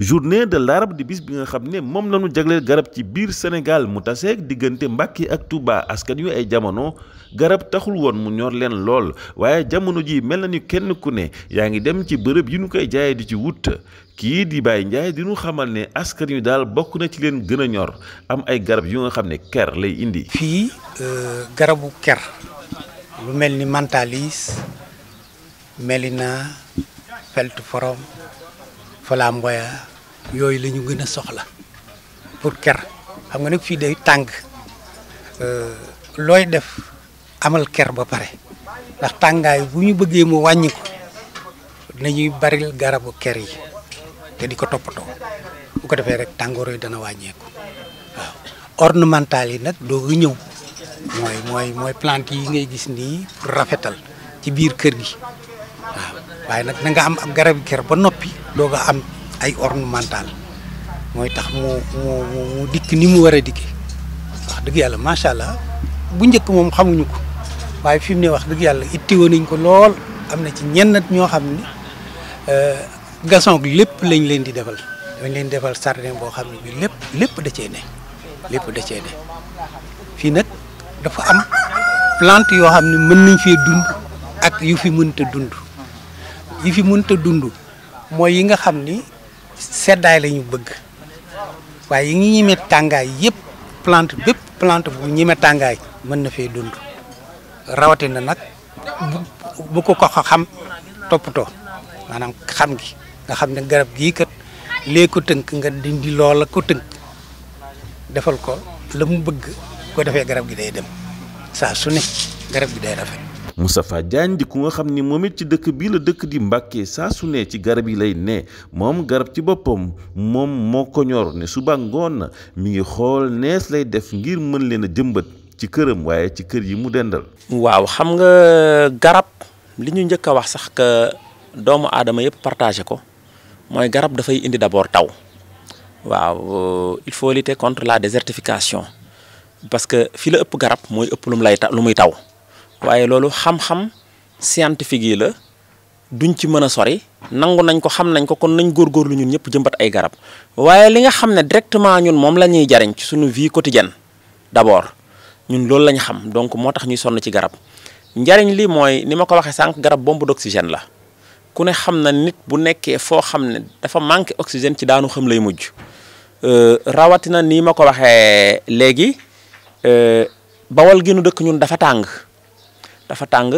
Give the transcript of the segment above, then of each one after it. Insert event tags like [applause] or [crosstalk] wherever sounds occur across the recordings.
journée de l'arbre di bis bi nga xam ne moom la ñu jagleel garab ci biir Sénégal mu taseeg diggante Mbàkke ak Touba askan yu ay jamono garab taxul woon mu ñor leen lool waaye jamono ji mel na ni kenn ku ne yaa ngi dem ci bërëb yi ñu koy jaayee di ci wut kii di Baye Ndiaye di ñu xamal ne askan yu daal bokk na ci leen gën a ñor am ay garab yu nga xam ne ker lay indi. fii euh, garabu ker lu mel ni mantalis melina feltu forom falamboya yooyu la ñu gën a soxla pour ker xam nga nag fii day tàng euh, looy def amal ker ba pare ndax tàngaay bu ñu bëggee mu wàññi ko nañuy baril garabu ker yi te di ko toppatoo bu ko defee rek tàngoor yi dana wàññeeku waaw ornemental yi nag doo ñëw mooy mooy mooy yi ngay gis nii pour rafetal ci biir kër gi waaw waaye nag na nga am ab ker ba noppi dooga am ay ornemental mooy tax mu mu mu dikk ni mu war a dikkee wax dëgg yàlla macha allah bu njëkk moom xamuñu ko waaye fi mu ne wax dëgg yàlla itteewoo nañ ko lool am na ci ñenn ñoo xam ne euh, gason lépp lañ leen di defal dañ leen defal sardin boo xam ne lépp lépp da ne lépp da cee fii nag dafa am plante yoo xam ne mën nañ fee dund ak yu fi mënta dund yi fi mënta dund mooy yi nga xam ni seddaay lañu bëgg waaye yi ngi ñeme tàngaay yëpp plante bépp plante bu ñeme tàngaay mën na fee dund rawatina nag bu ko ko xam toppatoo maanaam xam gi nga xam ne garab gii kat lee ko tënk nga dindi loola ko tënk defal ko la mu bëgg ko defee garab gi day dem saa su ne garab gi day rafet Moustapha Diagne di ku nga xam ni moom it ci dëkk bii la dëkk di Mbàkke saa su nee ci garab yi lay nee moom garab ci boppam moom moo ko ñor ne suba ngoon na mi ngi xool nees lay def ngir mën leen a jëmbat ci këram waaye ci kër yi mu dendal. waaw xam nga garab li ñu njëkk a wax sax que doomu aadama yëpp partagé ko mooy garab dafay indi d'abord taw. waaw euh, il faut lutter contre la désertification parce que fi la ëpp garab mooy ëpp lu mu lay ta lu muy taw. waaye loolu xam-xam scientifique yi la duñ ci mën a sori nangu nañ ko xam nañ ko kon nañ góor góorgóorlu ñun ñëpp jëmbat ay garab waaye li nga xam ne directement ñun moom la ñuy jariñ ci suñu vie quotidienne d'abord ñun loolu lañu xam donc moo tax ñuy sonn ci garab njariñ li mooy ni ma ko waxee sànq garab bombe d'oxygène la ku ne xam na nit bu nekkee foo xam ne dafa manqué oxygène ci daanu xam lay mujj euh, rawatina nii ma ko waxee léegi euh, bawal gi dëkk ñun dafa tàng dafa tàng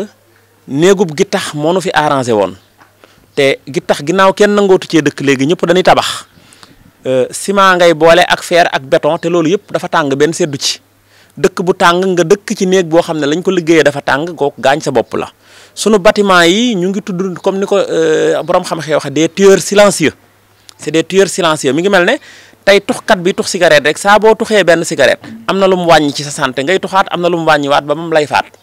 néegub gi tax moo nu fi arrangé woon te gi tax ginnaaw kenn nangootu cee dëkk léegi ñëpp dañuy tabax euh, ciment ngay boole ak feer ak beton te loolu yëpp dafa tàng benn seddu ci dëkk bu tàng nga dëkk ci néeg boo xam ne lañ ko liggéeyee dafa tàng kooku gaañ sa bopp la sunu bâtiment yi ñu ngi tudd comme ni ko euh, borom xam-xam wax des tueurs silencieux c'est des tueurs silencieux mi ngi mel ne tey tuxkat bi tux cigarette rek saa boo tuxee benn cigarette am na lu mu wàññi ci sa santé ngay tuxaat am na lu mu wàññiwaat ba moom lay faat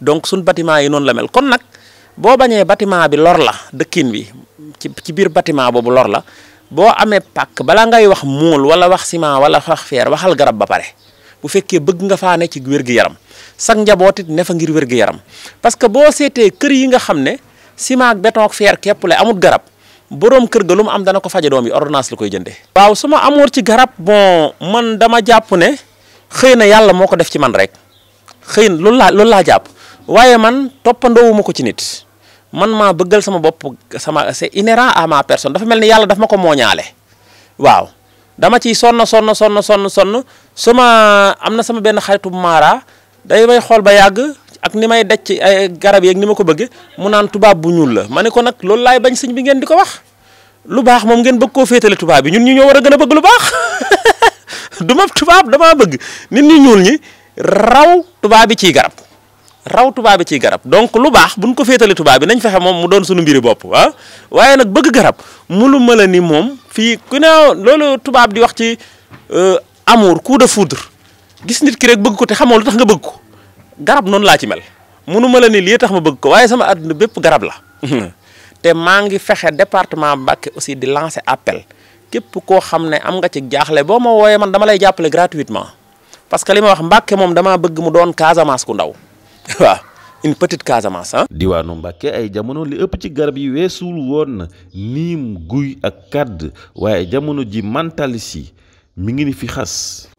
donc suñ bâtiment yi noonu la mel kon nag boo bañee batiment bi lor la dëkkin bi ci ci biir batiment boobu lor la boo amee pàkk balaa ngay wax muul wala wax siment wala wax feer waxal garab ba pare bu fekkee bëgg nga faa ne ci wér-gu-yaram sax njabootit ne fa ngir wér-gu-yaram parce que boo seetee kër yi nga xam ne siment ak béton ak feer képp la amut garab boroom kër ga lu mu am dana ko faje doom yi ordonnance la koy jëndee. waaw su ma amoon ci garab bon man dama jàpp ne xëy na yàlla moo ko def ci man rek xëy na loolu laa loolu laa jàpp. waaye man toppandoowuma ko ci nit man maa bëggal sama bopp sama c'est inhérent à ma personne dafa mel ni yàlla daf ma ko mooñaale waaw dama ciy sonn sonn sonn sonn sonn su ma am na sama benn xaritu maara day may xool ba yàgg ak ni may daj ci ay garab yeeg ni ma ko bëgge mu naan tubaab bu ñuul la ma ne ko nag loolu laay bañ sëñ bi ngeen di ko wax lu baax moom ngeen bëgg koo féetale tubaab bi ñun ñu ñoo war a gën a bëgg lu baax [laughs] du ma tubaab damaa bëgg nit ñu ñuul ñi raw tubaab bi ciy garab raw tubaab bi ciy garab donc lu baax bu buñ ko féetali tubaab bi nañ fexe moom mu doon sunu mbiri bopp ah waaye nag bëgg garab mulu ma la ni moom fii ku ne loolu tubaab di wax ci euh, amour coup de foudre gis nit ki rek bëgg ko te xamoo lu tax nga bëgg ko garab noonu laa ci mel munu ma la ni lii tax ma bëgg ko waaye sama àdduna bépp garab la [laughs] te maa ngi fexe département Mbacké aussi di lancer appel képp koo xam ne am nga ci jaaxle boo ma wooyee man dama lay jàppale gratuitement parce que li ma wax Mbacké moom damaa bëgg mu doon Casamance ku ndaw [laughs] waaw une petite Casamance ah. diwaanu Mbàkke ay jamono li ëpp ci garab yi weesuul woon na niim guy ak kàdd waaye jamono ji mantalis yi mi ngi ni fi xas.